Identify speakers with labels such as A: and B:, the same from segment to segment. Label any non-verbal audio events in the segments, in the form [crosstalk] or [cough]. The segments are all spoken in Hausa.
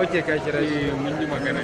A: Ok, ka kira shi eh, mun magana.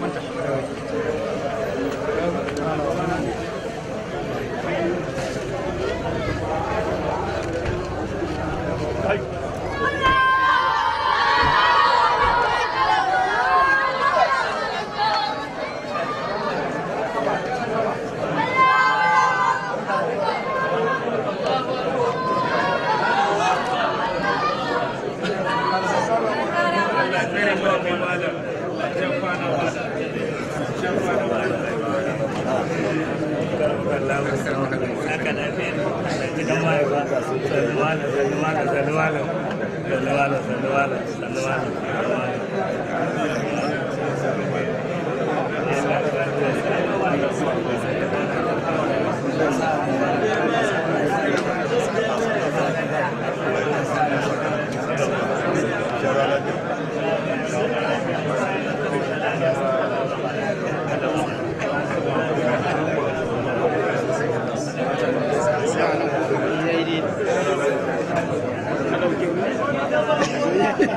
B: saludalo, saludalo, saludalo, saludalo, saludalo, saludalo, saludalo.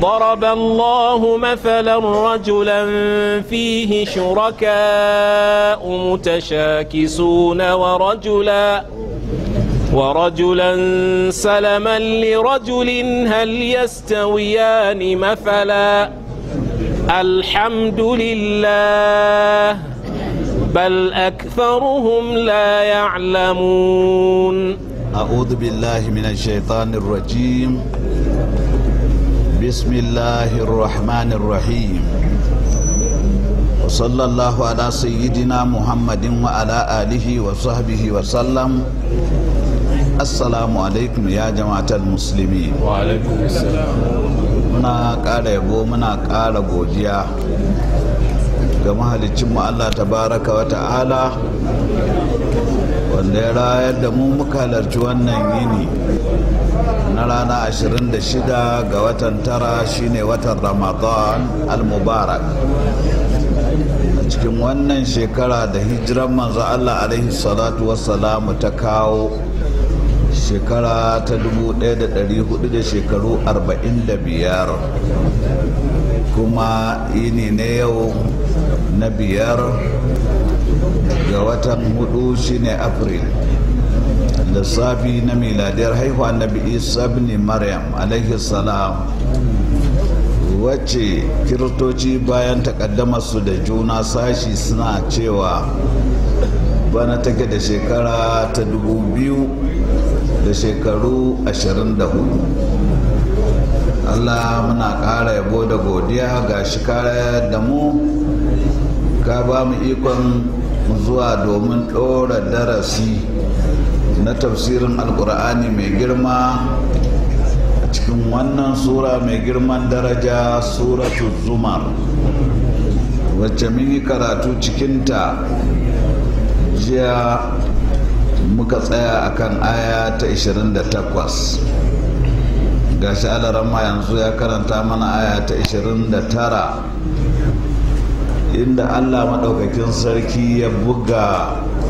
A: ضرب الله مثلا رجلا فيه شركاء متشاكسون ورجلا ورجلا سلما لرجل هل يستويان مثلا الحمد لله بل أكثرهم لا يعلمون أعوذ بالله من الشيطان
C: الرجيم بسم الله الرحمن الرحيم وصلى الله على سيدنا محمد وعلى آله وصحبه وسلم السلام عليكم يا جماعة المسلمين وعليكم السلام muna ƙara yabo muna ƙara godiya ga mu Allah tabaraka wa ta'ala wanda ya rayar da mu halarci wannan yini na rana 26 ga watan tara shine watan ramadan al-mubarak a cikin wannan shekara da hijiran manzo Allah alaihi salatu wassalamu ta kawo shekara ta 1400 da shekaru 45 kuma yini ne yau na biyar ga watan hudu shine april Da safi na miladiyar haihuwa na isa ne maryam alaihi salam wacce kiristoci bayan su da juna sashi suna cewa bana take da shekara ta dubu biyu da shekaru ashirin da hudu allah muna ƙara yabo da godiya ga shi da mu ka ba mu ikon zuwa domin ɗora darasi na tafsirin alkur'ani mai girma a cikin wannan sura mai girman daraja suratu zumar wacce mun yi karatu cikinta jiya muka tsaya akan aya ta 28 gashi ma yanzu ya karanta mana aya ta 29 inda allah maɗaukakin sarki ya buga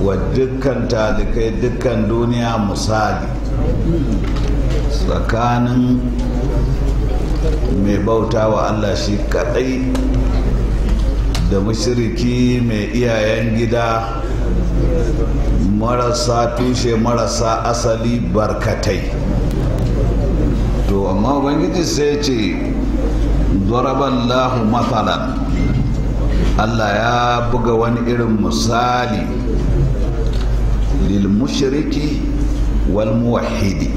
C: wa dukkan talikai dukkan duniya misali tsakanin mai bauta wa allah shi kadai da mashiriki mai iyayen gida marasa tushe marasa asali barkatai to amma ubangiji sai ce lahu matsalan allah ya buga wani irin misali mushriki wal muwahhidi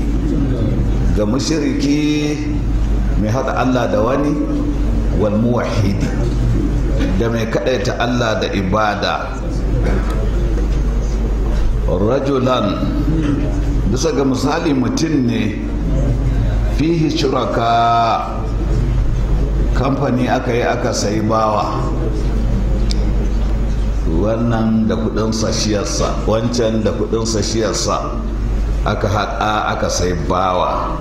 C: ga mushriki mai haɗa Allah da wani wal muwahhidi da mai kaɗaita Allah da ibada rajulan bisa ga misali mutum ne fihi shuraka kamfani aka yi aka sayi bawa wannan da kudin sashiyarsa wancan da kudin sashiyarsa aka haɗa aka sai bawa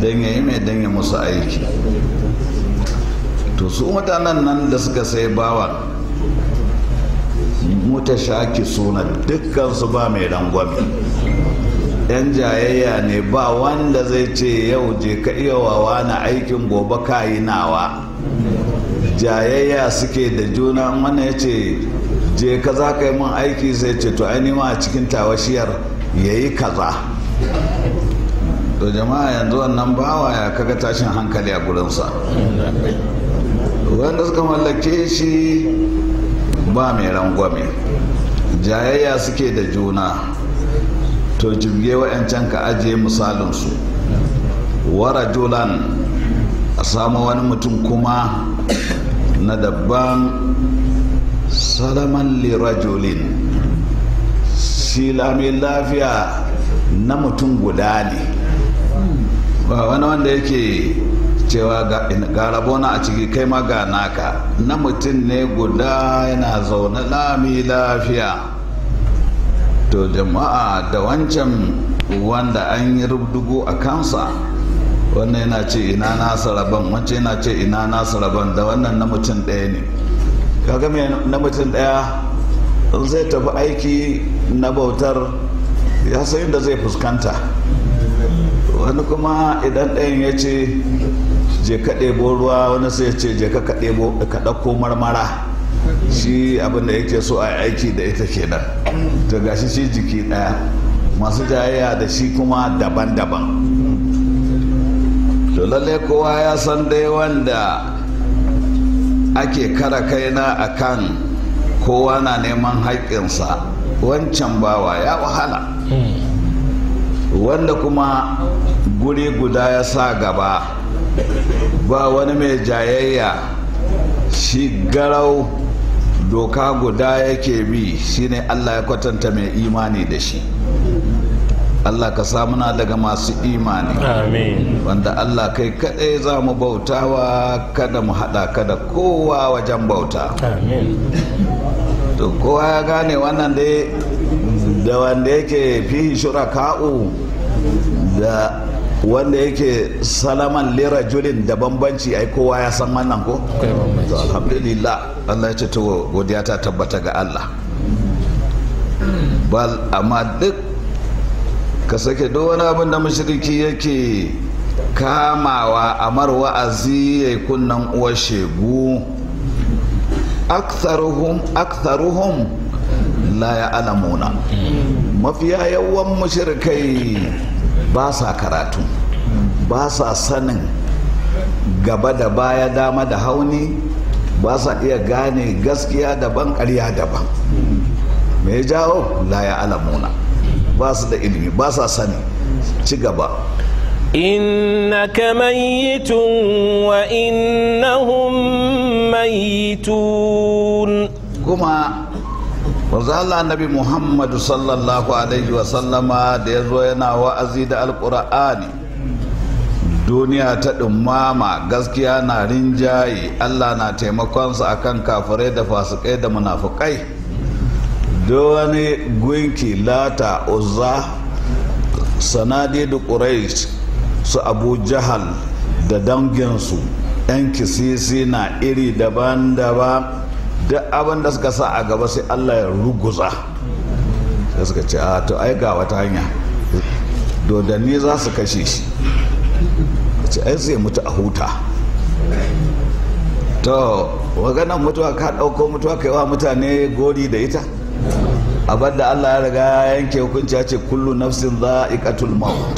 C: don ya mai don ya musu aiki to su mutanen nan da suka sai bawa shaki suna dukkan su ba mai rangwame yan jayayya ne ba wanda zai ce yau je ka iya wawa na aikin gobe kayi nawa jayayya suke da juna mana ya ce je ka za ka yi mun aiki sai ce to ainihin a cikin tawashiyar ya yi kaza to jama'a yanzu wannan bawa ya kaga tashin hankali a gurinsa wanda suka mallake shi ba mai rangwame jayayya suke da juna to jibge wa'yancan ka ajiye misalinsu wara julan a samu wani mutum kuma na dabban salaman lirajulin sila mai lafiya na mutum guda ne ba wani wanda yake cewa ga rabona a ciki kai ma ga naka na mutum ne guda yana zaune lami lafiya to jama'a da wancan wanda an yi rubdugu a kansa wannan yana ce ina nasa rabon wancan yana ce ina nasa rabon da wannan na mutum ɗaya ne kaga mai na mutum daya zai tafi aiki na bautar ya san inda zai fuskanta wani kuma idan ɗayan ya ce je ka ɗebo ruwa wani sai ya ce je ka ɗauko marmara shi abinda yake so a aiki da ita kenan to gashi shi jiki ɗaya masu jayayya da shi kuma daban-daban to lalle kowa ya san dai wanda ake kara kaina a kan kowa na neman haƙƙinsa wancan bawa ya wahala wanda kuma guri guda ya sa gaba ba wani mai jayayya shi garau doka guda yake bi shine allah ya kwatanta mai imani da shi Allah ka samuna daga masu imani wanda Allah kai kaɗai za mu bautawa kada mu haɗa kada kowa wajen bauta to kowa ya gane wannan dai da wanda yake fi shuraka'u da wanda yake salaman lera julin da bambanci ai kowa ya san wannan ko to alhamdulillah Allah ya ce to godiya ta tabbata ga Allah bal amma duk ka sake duk wani abin da mashiriki yake kamawa a wa'azi ya yi kunnan uwa shegu aktharuhum la ya alamuna mafiya yawan mashirikai ba sa karatu ba sa sanin gaba da baya dama da hauni ba sa iya gane gaskiya daban ƙarya daban mai jawo la ya alamuna ba su da ilimi ba sa sani ci gaba
A: innaka mayitun wa innahum mayitun kuma
C: wanzu Allah nabi Muhammadu sallallahu alaihi wa sallama da ya zo yana wa'azi da alkur'ani duniya ta dumama gaskiya na rinjaye Allah na taimakonsa akan kafirai da fasikai da munafukai wani gunki lata uzza sanadi da quraish su abu jahal da danginsu yan kisisi na iri daban-daban duk abin da suka sa a gaba sai allah ya ruguza da suka ce a to ai ga wata hanya dodanni za su kashe shi ce ai zai mutu a huta to maganan mutuwa ka ɗauko mutuwa kai wa mutane gori da ita da Allah ya riga ya yanke hukunci ya ce kullu nafsin za'iqatul maut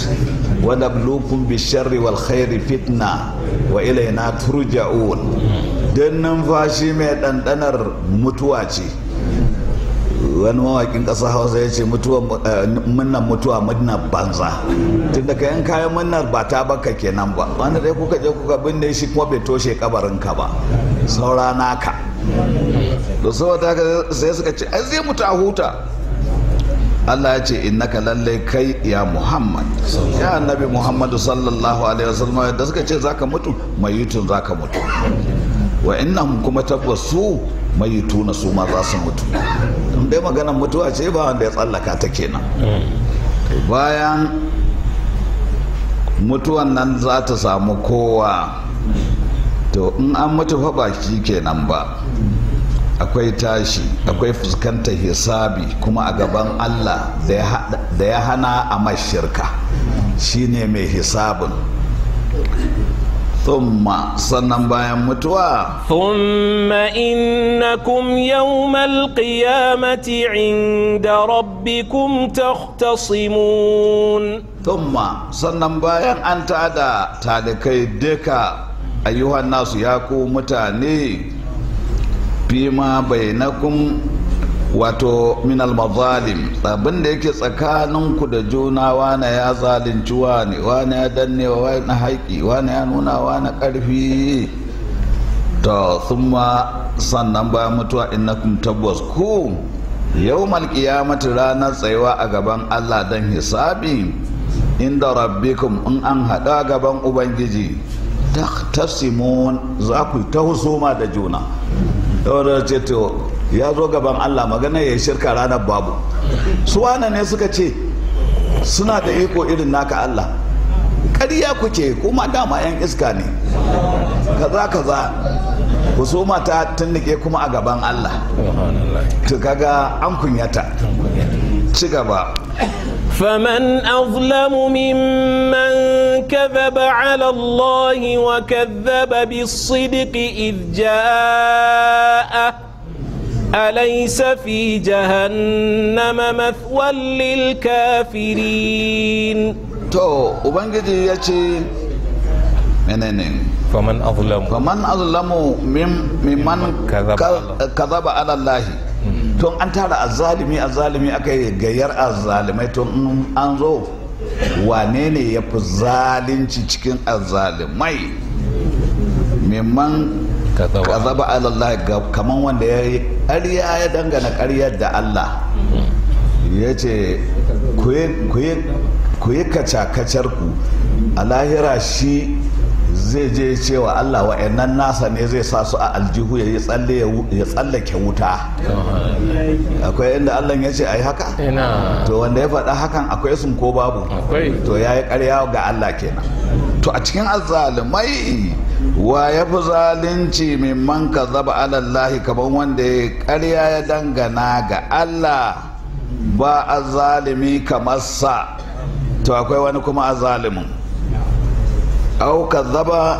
C: wa nabluukum bisharri wal khairi fitna wa ilayna turja'un dan numfashi mai ɗanɗanar mutuwa ce wani mawakin ƙasa hausa ya ce eh, munnan mutuwa munnan banza tun da kayan kayan munnar ba ta baka kenan ba wanda dai kuka je kuka binne shi kuma bai toshe kabarin ka ba saura naka da ta haka sai suka ce ai zai mutu a huta Allah ya ce ka lallai kai ya Muhammad ya annabi Muhammad sallallahu alaihi wasallam da suka ce zaka mutu mayitun zaka mutu wa innahum kuma tabbas su na su ma za su mutu don dai maganar mutuwa ce ba wanda ya tsallaka ta kenan bayan mutuwan nan za ta samu kowa to in an mutu fa ba kenan ba akwai tashi akwai fuskantar hisabi kuma a gaban allah da ya hana a mashirka shine mai hisabin
A: thumma sannan bayan mutuwa thumma innakum yawmal qiyamati inda rabbikum takhtasimun thumma sannan bayan an tada
C: talikai duka ayyuhan nasu ya ku mutane fima bainakum wato min almazalim abin da yake tsakaninku da juna wane ya zalunci wane wane ya danne wane haƙi wane ya nuna wane ƙarfi sun summa sannan ba mutuwa innakum tabbas ku yau qiyamati ranar tsayuwa a gaban Allah don hisabi inda rabbikum in an haɗa gaban ubangiji tafsimun za ku ta husuma da juna saboda ce to ya zo gaban allah magana ya shirka ranar babu su wane ne suka ce suna da iko irin naka allah ƙarya kuke kuma dama 'yan iska ne kaza kaza husuma ta tunnike kuma a gaban allah to kaga an kunyata ci gaba
A: faman azlamu mimman كذب على الله وكذب بالصدق إذ جاءه أليس في جهنم مثوى للكافرين تو وبنجي يأتي
C: منين faman azlamu faman azlamu mimman kadhaba ala Allah to an tara azzalimi azzalimi aka gayyar azzalimai to an zo wane ne ya fi zalunci cikin azalimai mimman kazaba alallah kamar wanda ya yi ƙarya ya dangana ƙaryar da allah ya ce ku yi kaca-kacar ku a lahira shi zai je cewa Allah wa'annan nasa ne zai sa su a aljihu ya tsallake wuta akwai inda Allah ya ce ai haka to wanda ya faɗa hakan akwai sun ko babu to ya yi ƙarya ga Allah kenan to a cikin azzalumai wa ya fi zalunci mimman ka zaba alallahi kamar wanda ya ƙarya ya dangana ga Allah ba a zalimi kamar sa to akwai wani kuma a au zaba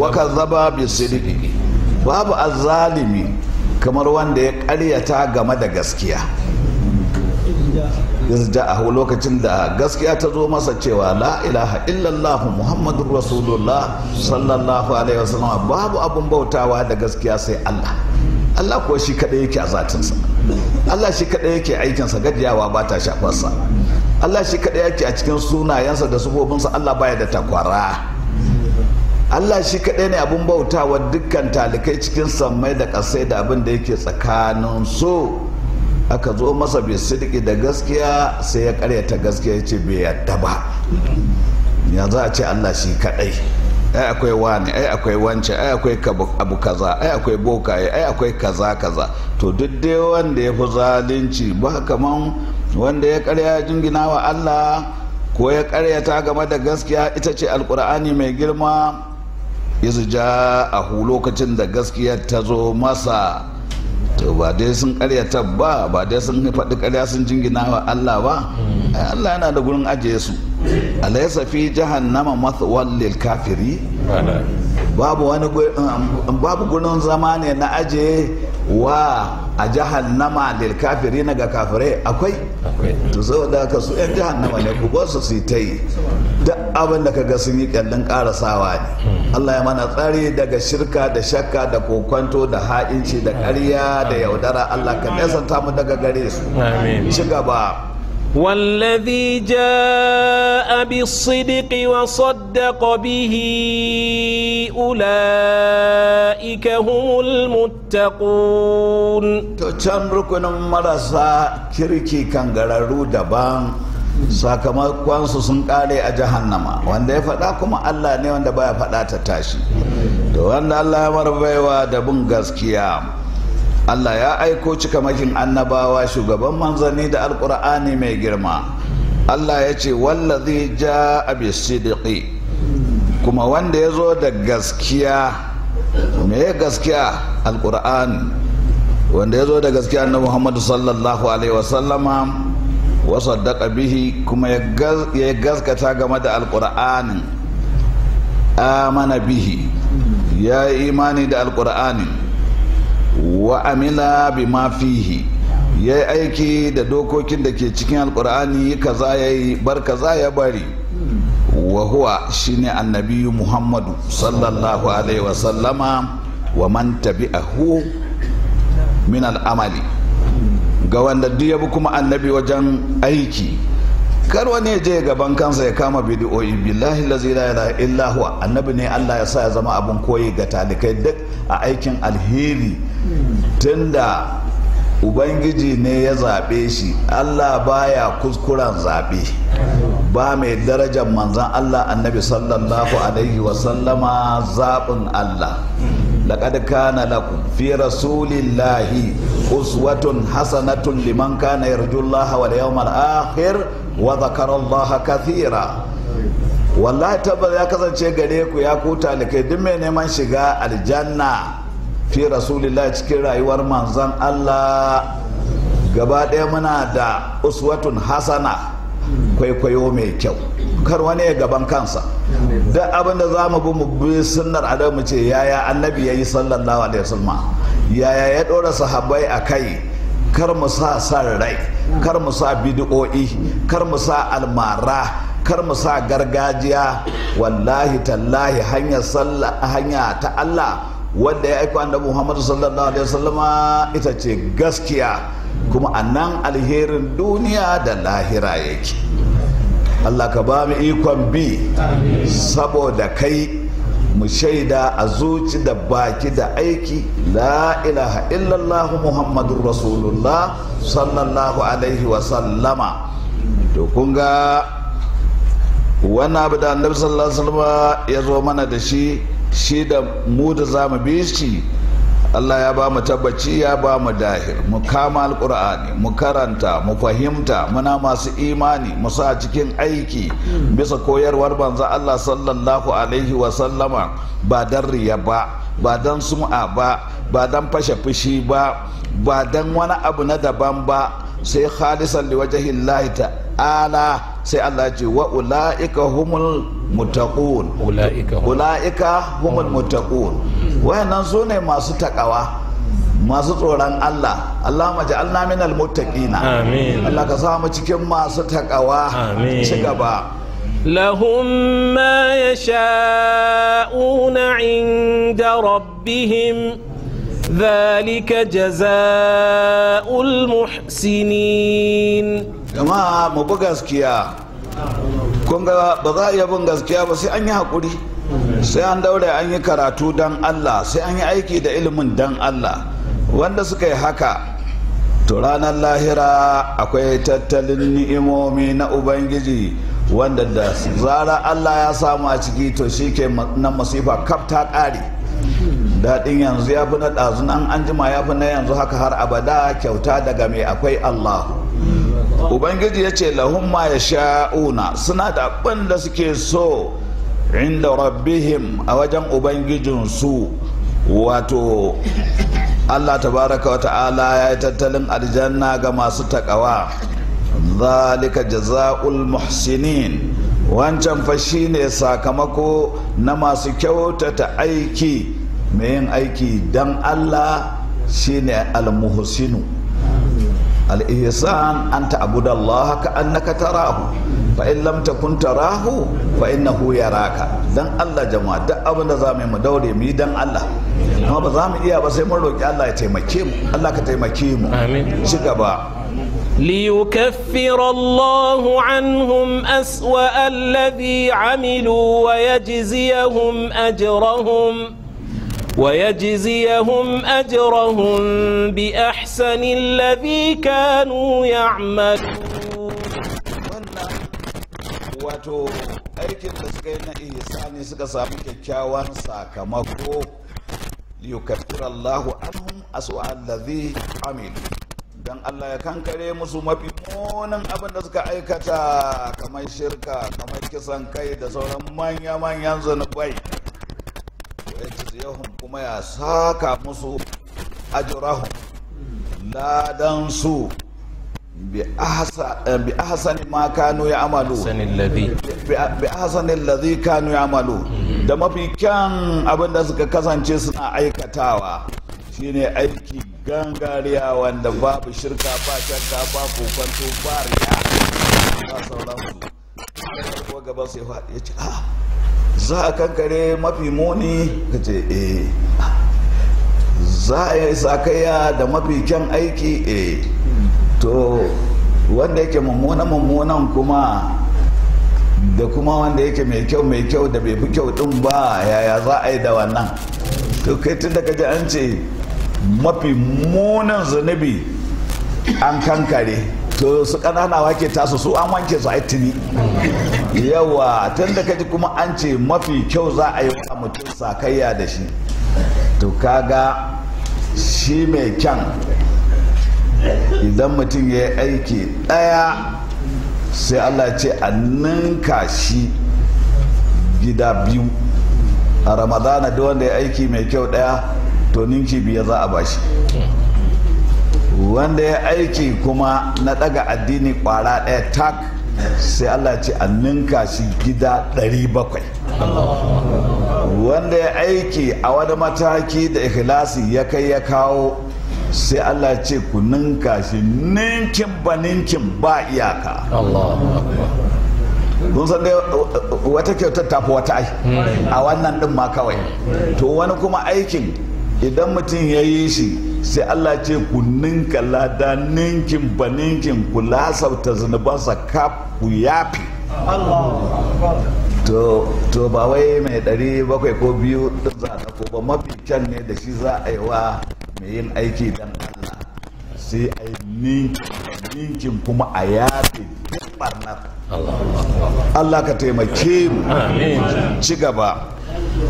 C: wa kazzaba bisidiki babu azzalimi kamar wanda ya karyata game da gaskiya izja'ahu lokacin da gaskiya ta zo masa cewa la ilaha illallah muhammadun rasulullah sallallahu alaihi wasallam babu abun bautawa da gaskiya sai Allah Allah kuwa shi kadai yake a zatinsa Allah shi kadai yake aikinsa gajiyawa ba ta shafarsa Allah shi kadai yake a cikin sunayensa da sufofinsa Allah baya da takwara Allah shi kaɗai ne abin bautawa dukkan talikai cikin sammai da ƙasai da abin da yake tsakanin so aka zo masa bai sidiki da gaskiya sai ya karyata gaskiya ya ce bai yadda ba ya za a ce Allah shi kaɗai ai akwai wani ai akwai wance ai akwai abu kaza ai akwai bokaye ai akwai kaza kaza to duk dai wanda ya fi zalunci ba kaman wanda ya karya jingina wa Allah ko ya ta game da gaskiya ita ce alkur'ani mai girma izu ja a lokacin da gaskiya ta zo masa to ba dai sun karyata ba ba dai sun faɗi karya sun jingina wa Allah ba Allah yana da gurin ajiye su alaysa fi jahannama mathwal lil kafiri babu wani um, babu gurin zama ne na ajiye wa a jahannama lil kafiri na ga kafirai akwai to saboda ka su yan jahannama ne ku su su ta yi duk abin da kaga sun yi kallon karasawa ne Allah ya mana tsare daga shirka da shakka da kokwanto da ha'inci da ƙarya da yaudara Allah ka nesanta mu daga gare su shiga ba
A: والذي جاء بالصدق وصدق به أولئك هم المتقون
C: تشان ركن مرسا كركي كان غرارو دبان sakamakonsu sun kare a jahannama wanda ya faɗa kuma allah ne wanda baya faɗa ta tashi to wanda allah ya marbaiwa da bin gaskiya allah ya aiko cikamakin annabawa shugaban manzanni da alkur'ani mai girma allah ya ce wallazi ja abisidiki kuma wanda ya zo da gaskiya me gaskiya alkur'ani wanda ya zo da gaskiya na muhammadu sallallahu alaihi wasallama wasaddaqa bihi kuma ya gaskata game da alƙur'anin amana bihi ya imani da alƙur'anin wa amila bima fihi ya yi aiki da dokokin da ke cikin alƙur'ani kaza ya yi bar kaza ya bari wa huwa shine annabiyu muhammadu sallallahu alaihi wasallama wa man tabi'ahu min al'amali ga wanda duk ya bi kuma annabi wajen aiki kar wani ya je gaban kansa ya kama bidiyoyi billahi lazi la ilaha illa huwa annabi ne Allah ya sa ya zama abin koyi ga talikai duk a aikin alheri tunda ubangiji ne ya zaɓe shi Allah baya kuskuren zaɓe ba mai darajar manzan Allah annabi sallallahu alaihi wa sallama zaɓin Allah laƙad kana lakum fi rasulillahi uswatun hasanatun liman kana yarjullaha wal yawmal akhir wa dhakara Allah kathira wallahi tabbas ya kasance gare ku ya ku talikai duk mai neman shiga aljanna fi rasulillah cikin rayuwar manzon Allah gaba daya muna da uswatun hasana kwaikwayo mai kyau kar wani ya gaban kansa duk abinda zamu za mu bi sunnar adamu ce yaya annabi yayi sallallahu alaihi wasallam yaya ya ɗora sahabai a kai kar mu sa san rai kar mu sa bidiyo'i kar mu sa almara kar mu sa gargajiya wallahi tallahi hanyar hanya ta Allah wanda ya aika annabi Muhammadu sallallahu alaihi wasallama ita ce gaskiya kuma anan alherin duniya da lahira yake Allah ka ba mu ikon bi saboda kai mu shaida a zuci da baki da aiki la ilaha illallah muhammadun rasulullah sallallahu alaihi wa sallama. to kun ga wani abu da annabi sallallahu alaihi ya zo mana da shi shi da mu da za mu bi shi Allah ya ba mu tabbaci ya ba mu dahir mu kama alkur'ani mu karanta mu fahimta muna masu imani mu sa cikin aiki bisa koyarwar banza Allah sallallahu alaihi wa sallama ba dan riya ba ba dan sum'a ba ba dan fashe fushi ba ba dan wani abu na daban ba sai khalisan liwajahillahi ta'ala sai Allah ce wa ula'ika humul mutaqun ula'ika humul mutaqun wayannan su ne masu takawa masu tsoron Allah Allah ma ja'alna minal muttaqina amin Allah ka sa mu cikin masu takawa ci gaba
A: لهم ما يشاءون عند ربهم ذلك جزاء المحسنين jama'a mu bi
C: gaskiya kun ga ba za a iya bin gaskiya ba sai an yi haƙuri sai an daure an yi karatu don allah sai an yi aiki da ilimin don allah wanda suka yi haka to ranar lahira akwai tattalin ni'imomi na ubangiji wanda da zara allah ya samu a ciki to shi ke nan masifa kaf ta ƙare daɗin yanzu ya fi na ɗazu an anjima ya fi na yanzu haka har abada kyauta daga mai akwai allahu ubangiji ya ce lahumma ya sha'una suna da abin da suke so inda rabbihim a wajen ubangijinsu wato allah tabaraka wa ta'ala ya yi tattalin aljanna ga masu takawa zalika jaza'ul muhsinin wancan fa ne sakamako na masu kyautata aiki mai yin aiki don allah shine al-muhsinu al an ta'budu Allah ka annaka tarahu fa in lamta kun tarahu fa in innahu yaraka dan Allah jama'a duk abin da zamu mu daure mu dan Allah kuma ba za mu iya ba sai mun roki Allah ya taimake mu Allah ka taimake mu amin ci gaba
A: ليكفر الله عنهم أسوأ الذي عملوا ويجزيهم أجرهم ويجزيهم أجرهم بأحسن الذي كانوا يعملون
C: wato aikin da suka yi na ihsani suka samu kyakkyawan sakamako liyukafirallahu anhum aswa'al ladhi amilu dan Allah ya kankare musu mafi munin abin da suka aikata kamar shirka kamar kisan kai da sauran manya-manyan zunubai yahum kuma ya saka musu ajrahum ladan su bi ahsani eh, ma kanu ya amalu bi ahsani alladhi kanu ya amalu da mafi kyan abin da suka kasance suna aikatawa shine aiki gangariya wanda babu shirka ba shakka ba kokwanto ba riya ba sauransu ko gaba sai ya ce ah za a kankare mafi muni ka ce eh za a yi sakaya da mafi kyan aiki eh to wanda yake mummunan mummunan kuma da kuma wanda yake mai kyau mai kyau da bai fi kyau din ba yaya za a yi da wannan to kai tun da kaji an ce mafi munin zunubi an kankare to su kanana wake tasu su an wanke su a tuni yawa tun da kaji kuma an ce mafi kyau za a yi wa mutum sakayya da shi to kaga shi mai kyan idan mutum ya yi aiki ɗaya sai allah ce a ninka shi gida biyu a ramadana da wanda ya aiki mai kyau ɗaya to ninki biya za a bashi wanda ya aiki kuma na ɗaga addini ƙwara ɗaya tak sai Allah ce a ninka shi gida 700 wanda ya aiki a wani mataki da ikhlasi ya kai ya kawo sai Allah ce ku ninka shi ninkin ba ninkin ba iyaka kun san wata kyautar tafi wata ai a wannan din ma kawai to wani kuma aikin idan mutum ya yi shi sai Allah ce ku ninka lada ninkin ba ninkin ku lasauta zunubansa kaf ku yafi to ba wai mai ɗari bakwai ko biyu ɗin za a ba mafi can ne da shi za a yi wa mai yin aiki dan Allah sai a yi ninkin kuma a yafi duk barnar
A: Allah ka taimake mu ci gaba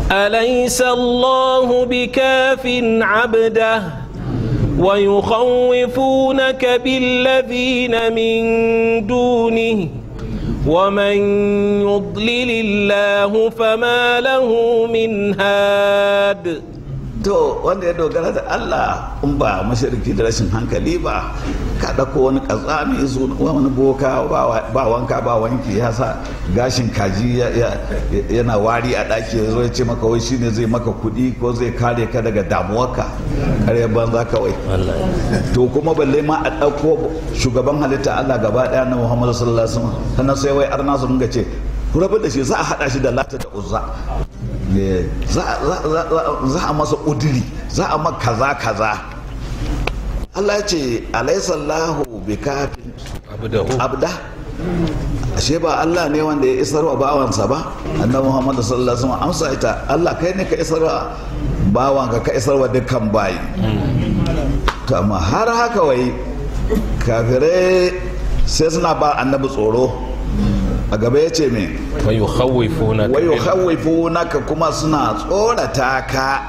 A: أليس bi kafin عبده ويخوفونك بالذين من دونه ومن يضلل الله فما له من هاد to wanda ya dogara da Allah
C: in ba mashirki da rashin hankali ba ka ɗauko wani ƙazami su wani boka ba wanka ba wanki ya sa gashin kaji yana wari a ɗaki ya zo ya ce maka wai shine zai maka kuɗi ko zai kare ka daga damuwarka kare banza kawai to kuma balle ma a ɗauko shugaban halitta Allah gaba ɗaya na Muhammadu sallallahu alaihi wasallam sannan sai wai arna su ce Rabar da shi za a haɗa shi da lata da uzza za a masa udiri za a ma kaza kaza Allah ya ce alaisallahu bi kafin abda ashe ba Allah ne wanda ya isar wa bawansa ba annabi Muhammad sallallahu alaihi wasallam amsa ita Allah kai ne ka isar wa bawanka ka isar wa dukkan bayi to amma har haka wai kafirai sai suna ba annabi tsoro a gaba ya ce me wayo
A: hawaifu
C: naka kuma suna tsorata ka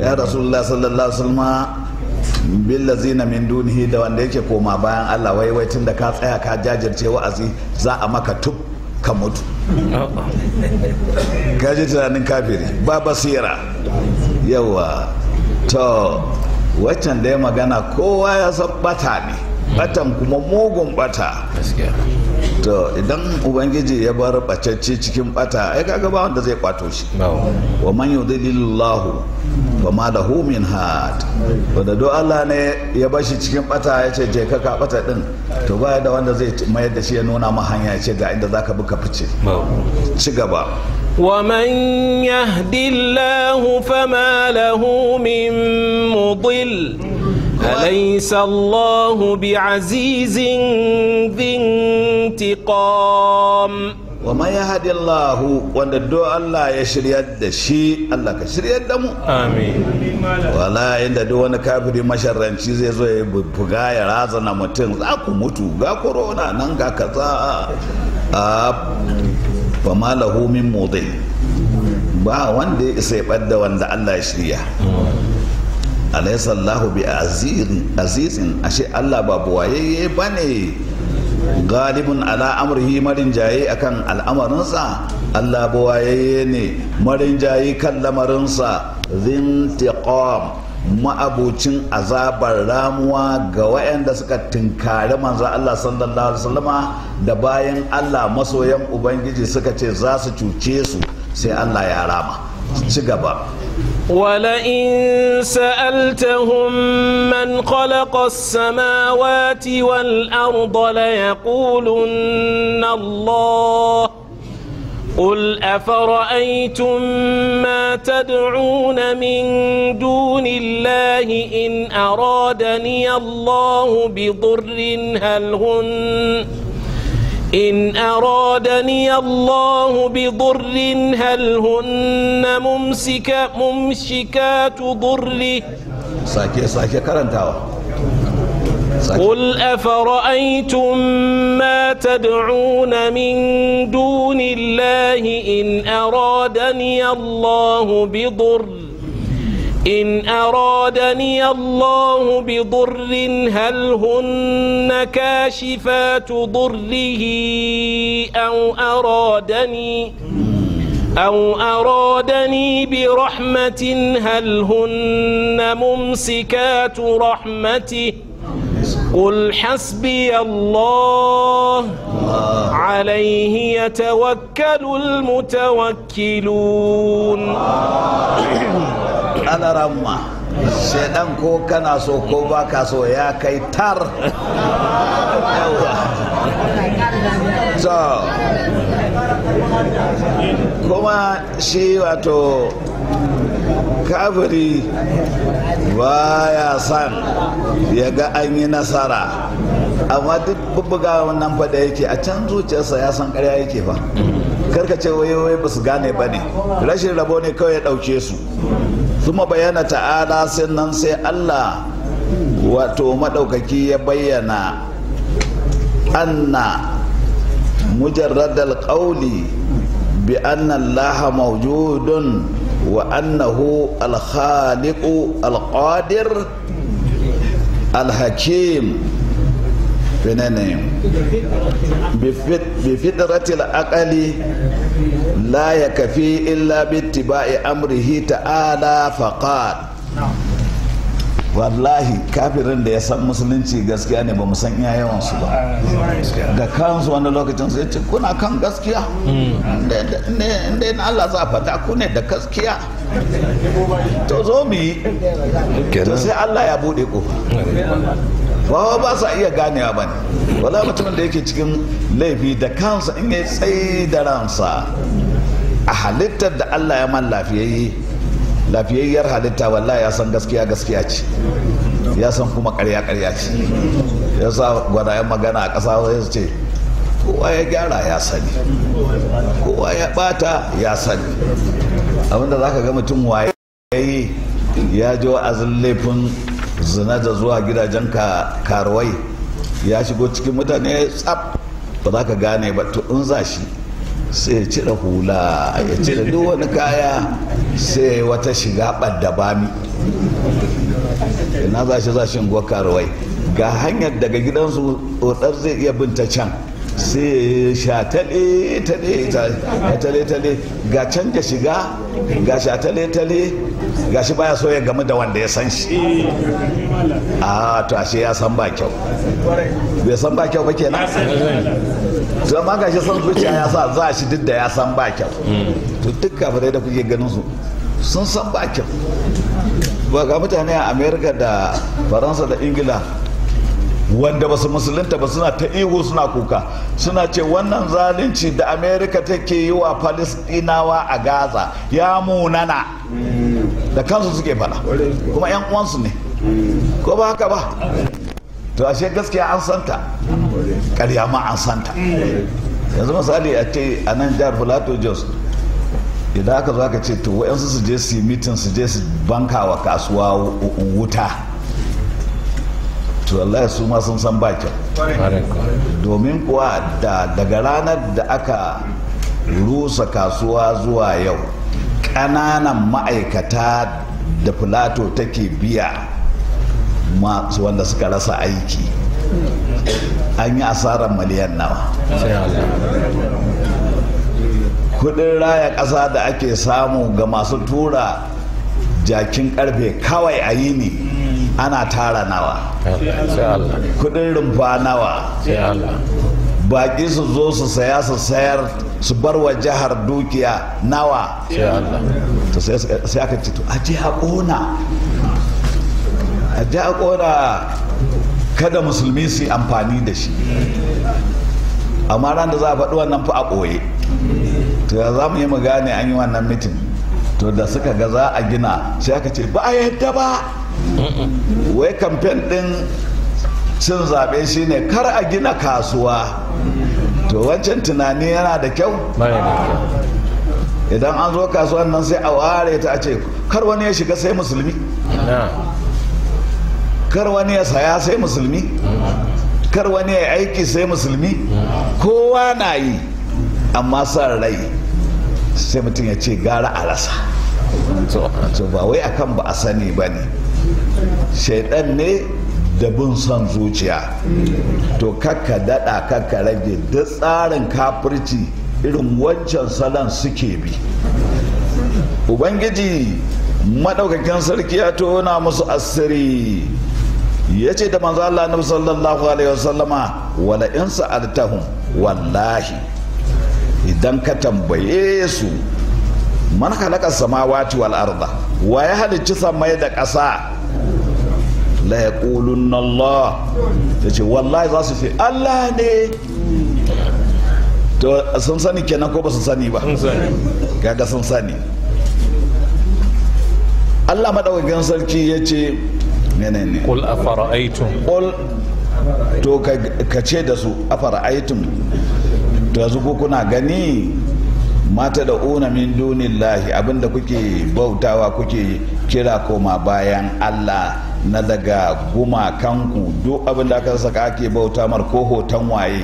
C: ya rasulullah sallallahu alaihi billazina min dunihi da wanda yake koma bayan allah waiwai tun da ka tsaya ka jajirce wa'azi za a maka tub ka mutu gaji [laughs] tunanin kafiri ba basira yawa to waccan da ya magana kowa ya san bata ne batan kuma mugun bata to idan ubangiji ya bar bacacce cikin bata ai kaga ba wanda zai kwato shi wa man yudillillahu wa ma lahu min had wanda do Allah ne ya bashi cikin bata ya ce je ka ka bata din to baya da wanda zai mayar da shi ya nuna ma hanya ya ce ga inda zaka bi ka fice ci gaba
A: wa man yahdillahu fama lahu min mudill أليس الله بعزيز ذي انتقام وما يهدي الله وندو الله يشري يد
C: شيء الله كشري يد مو آمين wala inda duk wani kafiri masharranci zai zo ya buga ya razana mutum za ku mutu ga korona nan ga kaza a ba ma lahu min ba wanda ya isa ya ɓadda wanda Allah ya shirya alaysa bi azizin ashe Allah ba ba ne galibin ala amrihi akan al'amarinsa Allah buwayeye ne jaye kan lamarinsa zintiqam ma'abucin azabar ramuwa ga wayanda suka tinkari manzo Allah sallallahu alaihi wasallama da bayan Allah masoyan ubangiji suka ce za su cuce su sai Allah ya rama ci gaba
A: ولئن سألتهم من خلق السماوات والأرض ليقولن الله قل أفرأيتم ما تدعون من دون الله إن أرادني الله بضر هل هن إن أرادني الله بضر هل هن ممسك ممسكات ضره
C: ساكي ساكي كرنتاوا
A: قل أفرأيتم ما تدعون من دون الله إن أرادني الله بضر إن أرادني الله بضر هل هن كاشفات ضره أو أرادني أو أرادني برحمة هل هن ممسكات رحمته قل حسبي الله عليه يتوكل المتوكلون انا رمى
C: سيدان كوكا كان سو كو با كاسو يا كاي كما شي واتو kafiri ya san ya ga an yi nasara amma duk bubbuga wannan fada yake a can zuciyarsa ya san karya yake ba karka ce wai wai ba su gane ba ne rashin rabo ne kawai ya ɗauke su kuma bayyana ta'ala nan sai allah wato maɗaukaki ya bayyana anna mujarradal qawli bi anna allaha mawjudun wa annahu alhaliku alƙadir alhakim menene bi fitratil aqali la kafi illa bittiba'i amrihi ta'ala faqad wallahi kafirin da ya san musulunci gaskiya ne ba san iya yawansu ba da kansu wani lokacin sai ce kuna kan gaskiya hmm. inda yana Allah za a fata ku ne da gaskiya to zo mu yi to sai Allah ya buɗe ku. wawa ba sa iya ganewa ba ne wala mutumin da yake cikin laifi da kansa in ya tsaye da ransa a halittar da Allah ya man lafiyayye lafiyayyar halitta wallahi ya san gaskiya gaskiya ce ya san kuma karya karya ce ya sa gwanayen magana a ƙasa sai su ce kowa ya gyara ya sani kowa ya bata ya sani abinda za ka ga mutum waye yi ya ji wa'azin laifin zina da zuwa gidajen karuwai ya shigo cikin mutane tsab ba za ka gane ba to in za shi sai ya cire hula ya cire duk wani kaya sai wata shiga ɓadda bami ina za shi za shi karuwai ga hanyar daga gidansu tsotsar zai iya binta can sai sha tale tale tale tale ga canja shiga ga sha tale tale ga shi baya so ya gamu da wanda ya san shi a ah, to ashe ya san ba kyau bai san ba kyau ba kenan zama amma gashi san zuciya ya sa za shi duk da ya san ba kyau to duk kafirai da kuke ganin su sun san ba kyau ba ga mutane a america da faransa da ingila wanda ba basu musulunta ba suna ta ihu suna kuka suna ce wannan zalunci da america take yi wa palestinawa a gaza ya munana da kansu suke faɗa kuma 'yan uwansu ne ko ba haka ba to ashe gaskiya an santa karya ma an santa yanzu misali a ce a nan jihar filato jos idan aka zo ce to wa'yansu su je su yi mitin su je su banka wa kasuwa wuta to Allah su ma sun san bakin domin kuwa daga ranar da aka rusa kasuwa zuwa yau ƙananan ma'aikata da filato take biya wanda suka rasa aiki an yi asarar miliyan nawa kudin raya ƙasa da ake samu ga masu tura jakin karfe kawai a yi ne ana tara nawa kudin rumfa nawa baƙi su zo su saya su sayar su bar wa jihar dukiya nawa sai aka ce to a ji a ƙona a ji a ƙona kada musulmi su yi amfani da shi amma ran da za a faɗi wannan fa a ɓoye to ya za mu yi mu an yi wannan mitin to da suka ga za a gina sai aka ce ba a yadda ba wai kamfen ɗin cin zaɓe shi ne kar a gina kasuwa to wancan tunani yana da kyau idan an zo kasuwan nan sai a ware ta a ce kar wani ya shiga sai musulmi kar wani ya saya sai musulmi kar wani ya aiki sai musulmi kowa na yi amma son rai sai mutum ya ce gara a rasa to ba wai akan ba a sani ba ne shaidan ne da bin son zuciya to kakka dada kakka rage duk tsarin kafirci irin wancan salon suke bi ubangiji maɗaukakin sarki ya tona musu asiri ya ce da manzo Allah na sallallahu alaihi wasallama wala in sa'altahum wallahi idan ka tambaye su man khalaqa samawati wal arda wa ya halicci samai da ƙasa la yaqulunna Allah ce wallahi za su ce Allah ne to sun sani kenan ko ba su sani ba sun sani kaga sun sani Allah madaukakin sarki yace menene kul afara'aytum kul to ka ce da su afara'aytum to yanzu ko kuna gani mata da una min dunillahi abinda kuke bautawa kuke kira koma bayan Allah na daga gumakanku duk abinda aka saka ake bauta mar ko hoton waye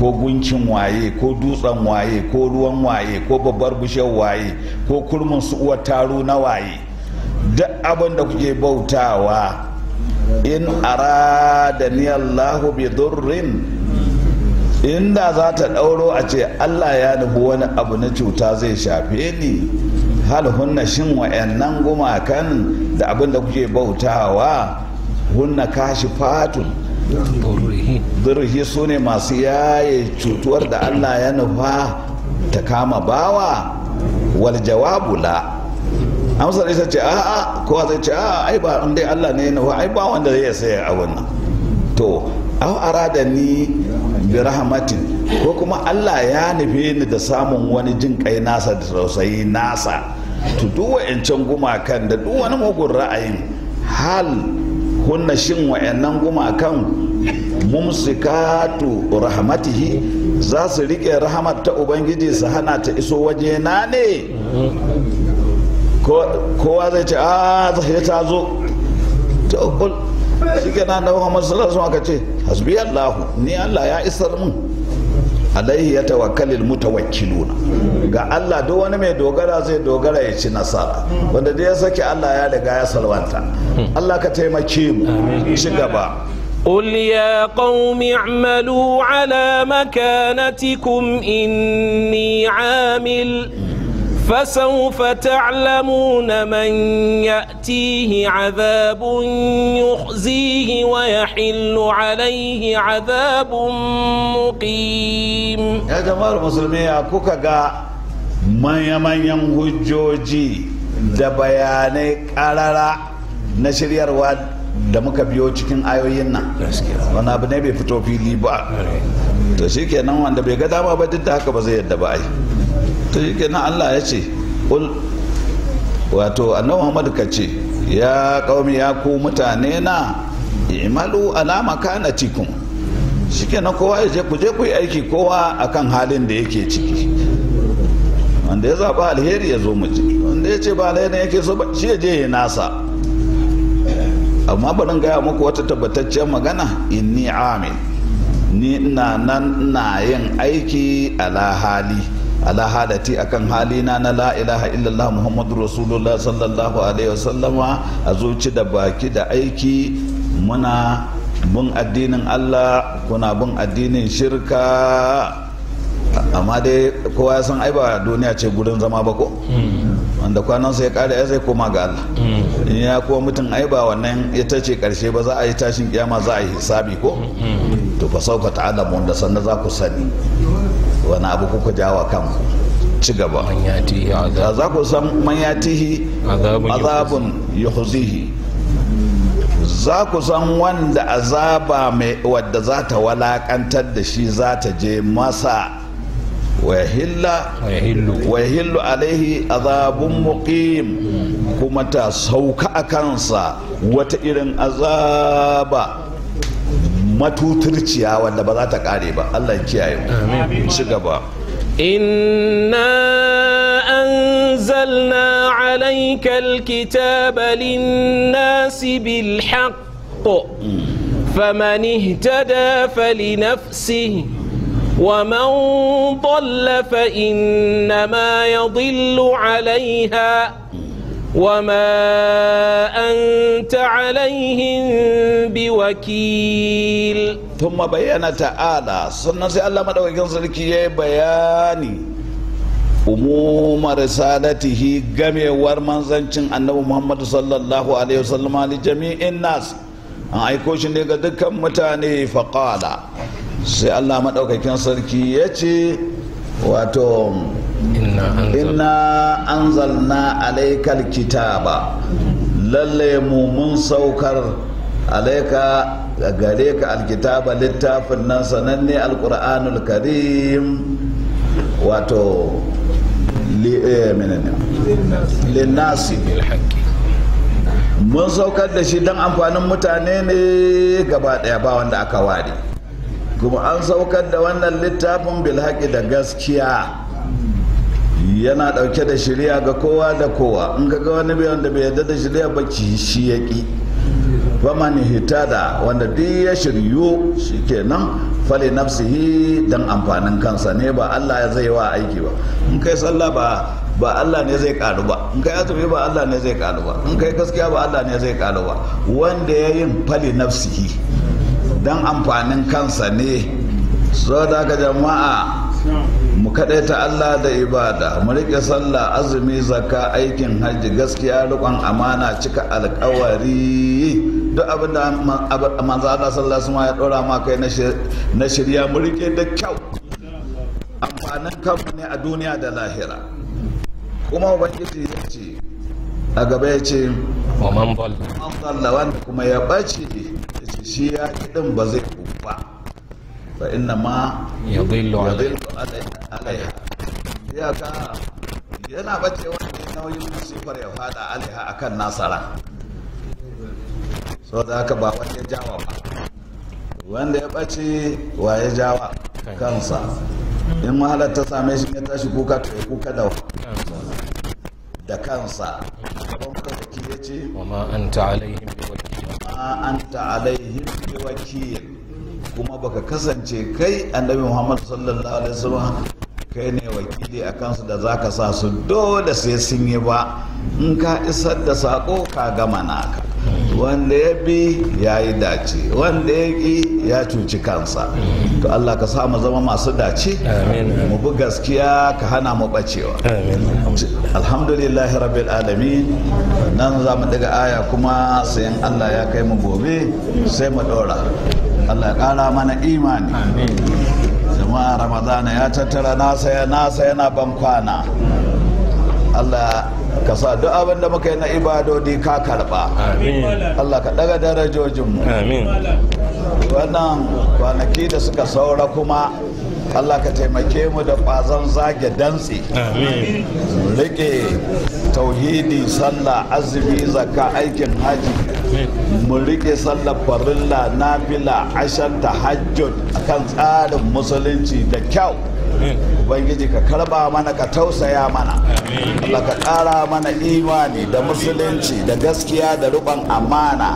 C: ko gunkin waye ko dutsen waye ko ruwan waye ko babbar bishiyar waye ko kurmin su uwar taro na waye duk abinda kuke bautawa in aradani allahu bi durrin inda za ta ɗauro a ce allah ya nufi wani abu na cuta zai shafe ni hal hunna shin wa'annan gumakan da abin da kuke bautawa hunna kashi fatun durhi su ne masu yaye cutuwar da allah ya nufa ta kama bawa wal jawabu la amsar ita ce a'a kowa zai ce a'a ai ba dai Allah ne na ai ba wanda zai saya a wannan to aw arada ni bi rahmatin ko kuma Allah ya nufe ni da samun wani jin kai nasa da sosai nasa to duk wa'ancan gumakan da duk wani mugun ra'ayin hal hunna shin wa'annan gumakan mumsikatu rahmatihi za su rike rahamar ta ubangiji su hana ta iso wajena ne kowa zai ce a ah, zahira ta zo ta ukul shi ke nan nawa muhammadu sallallahu alaihi wasallam ce hasbi allahu ni allah ya isar mun alaihi ya tawakkalil mutawakkiluna ga allah duk wani mai dogara zai dogara ya ci nasara wanda dai ya saki allah ya riga ya salwanta allah ka taimake mu ci gaba
A: قل يا قوم اعملوا على مكانتكم إني عامل فسوف تعلمون من يأتيه عذاب يخزيه ويحل عليه عذاب مقيم يا جماعة
C: المسلمين أكوكا من يمن يمهجوجي da bayanai karara na shiryarwa da muka biyo cikin ayoyin nan wani abu ne bai fito fili ba to shi kenan wanda bai ga dama ba haka ba zai yadda ba yi. ta shi kenan Allah ya ce wato annabi Muhammad ka ce ya kaumi ya ku mutane na imalu alama cikin shi kenan kowa ya je ku je ku yi aiki kowa akan halin da yake ciki wanda ya zaba alheri ya zo muji wanda ya ce ba alheri yake so shi ya je ya nasa amma bari gaya muku wata tabbataccen magana inni amin ni ina nan na yin aiki ala hali ala halati akan halina na la ilaha illallah muhammadu rasulullah sallallahu alaihi wasallama a zuci da baki da aiki muna bin addinin allah kuna bin addinin shirka amma dai kowa ya san ai ba duniya ce gudun zama ba ko wanda kwanansa ya kare ya sai koma ga Allah in ya kuwa mutum ai ba wannan ita ce karshe ba za a yi tashin kiyama za a yi hisabi ko to fa sauka ta'ala mun da sannan za ku sani wani abu kuka jawa kanku ci gaba za ku san manyatihi azabun yahuzihi za ku san wanda azaba mai wadda za ta walakantar da shi za ta je masa wa hillu alaihi azabun muqim kuma ta sauka a kansa wata irin azaba matutarciya wanda ba za ta kare ba Allah kiyaye mu ci
A: gaba inna anzalna alaykal kitaba linnas wa haqq faman ihtada falinafsihi ومن ضل فإنما يضل عليها وما أنت عليهم بوكيل ثم بيان تعالى سنة الله مدوكين سلكي
C: بياني umuma risalatihi gamewar manzancin annabi muhammadu sallallahu alaihi wasallam jami'in nas an aiko shi ne ga dukkan mutane faƙala sai allah maɗaukakin sarki ya ce wato inna anzalna alaikal kitaba lalle mu mun saukar alaika gare ka alkitaba littafin nan sananne alkur'anul karim wato eh, linnasi mun saukar da shi don amfanin mutane ne gaba daya ba wanda aka ware kuma an saukar da wannan littafin bilhaki da gaskiya yana dauke da shirya ga kowa da kowa in ka ga wani biyan da bai yadda da shirya ba ki shi ya ki hita hitada wanda duk ya shiryu shikenan fali nafsihi don amfanin kansa ne ba Allah ya zai wa aiki ba in kai sallah ba ba Allah ne zai karu ba in kai azumi ba Allah ne zai karu ba in kai gaskiya ba Allah ne zai karu ba wanda ya yin fali nafsihi don amfanin kansa ne so da ka jama'a kaɗai ta Allah da ibada mu riƙe sallah azumi zakka aikin hajji gaskiya rikon amana cika alƙawari duk abin da manzo Allah sallallahu alaihi ya ɗora ma kai na shirya mu riƙe da kyau amfanin kanmu ne a duniya da lahira kuma ubangiji ya ce a gaba ya ce wa man wanda kuma ya ɓace shi ya kiɗin ba zai ba فإنما يضل عليها yana bace wani nauyin musifar ya fada alaiha kan nasara so da haka ba wanda ya jawa ba wanda ya bace wa ya jawa kansa in mahalar ta same shi ne tashi kuka to ya kuka da da kansa abin kwanaki ya ce wa an alaihim bi wakil alaihim bi wakil kuma baka kasance kai annabi muhammad sallallahu alaihi wasallam kai ne wakili a kansu da za ka sa su dole sai sun yi ba in ka isar da sako ka gama naka wanda ya bi ya yi dace wanda ya yi ya cuci kansa to Allah ka sa mu zama masu dace mu bi gaskiya ka hana mu bacewa alhamdulillah rabbil alamin nan za mu daga aya kuma sayan Allah ya kai mu gobe sai mu ɗora Allah ya kara mana imani jama'a ramadana ya tattara nasa ya nasa yana ban kwana Allah ka sa duk abin da muka yi na ibadodi ka karba Allah ka daga darajojinmu wannan kwanaki da suka saura kuma Allah ka taimake mu da ƙwazon zage dantse rike tauhidi sallah azumi Zaka, aikin hajji mu riƙe sallar farilla nafila ashar tahajjud kan tsarin musulunci da kyau ubangiji ka karba mana ka tausaya mana Allah ka kara mana imani da musulunci da gaskiya da rubon amana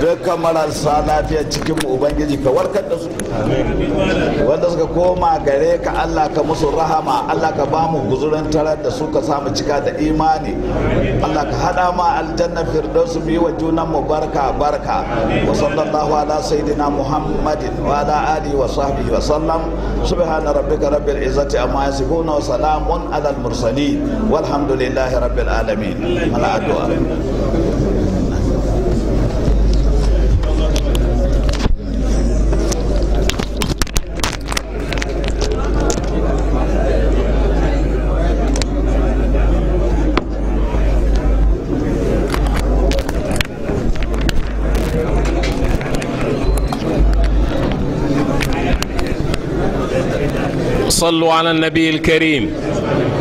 C: dukkan marasa lafiya cikin mu ubangiji ka warkar da su wanda suka koma gare ka Allah ka musu rahama Allah ka ba mu guzurin tarar da su ka samu cika da imani Allah ka hada ma aljanna firdausu bi wa junan mu barka barka wa sallallahu ala sayyidina muhammadin wa ala alihi wa sahbihi wa sallam subhana rabbika rabbil izzati amma yasifun wa salamun alal mursalin walhamdulillahi rabbil alamin mala addu'a
A: صلوا على النبي الكريم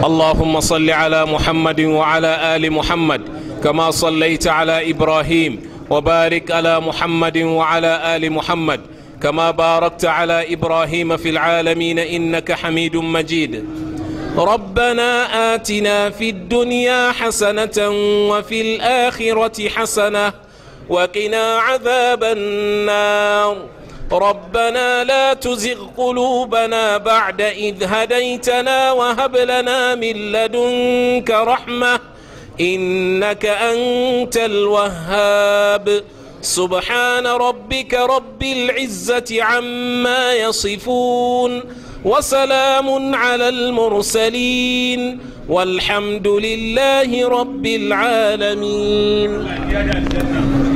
A: اللهم صل على محمد وعلى آل محمد كما صليت على إبراهيم وبارك على محمد وعلى آل محمد كما باركت على إبراهيم في العالمين إنك حميد مجيد ربنا آتنا في الدنيا حسنة وفي الآخرة حسنة وقنا عذاب النار ربنا لا تزغ قلوبنا بعد إذ هديتنا وهب لنا من لدنك رحمة إنك أنت الوهاب سبحان ربك رب العزة عما يصفون وسلام على المرسلين والحمد لله رب العالمين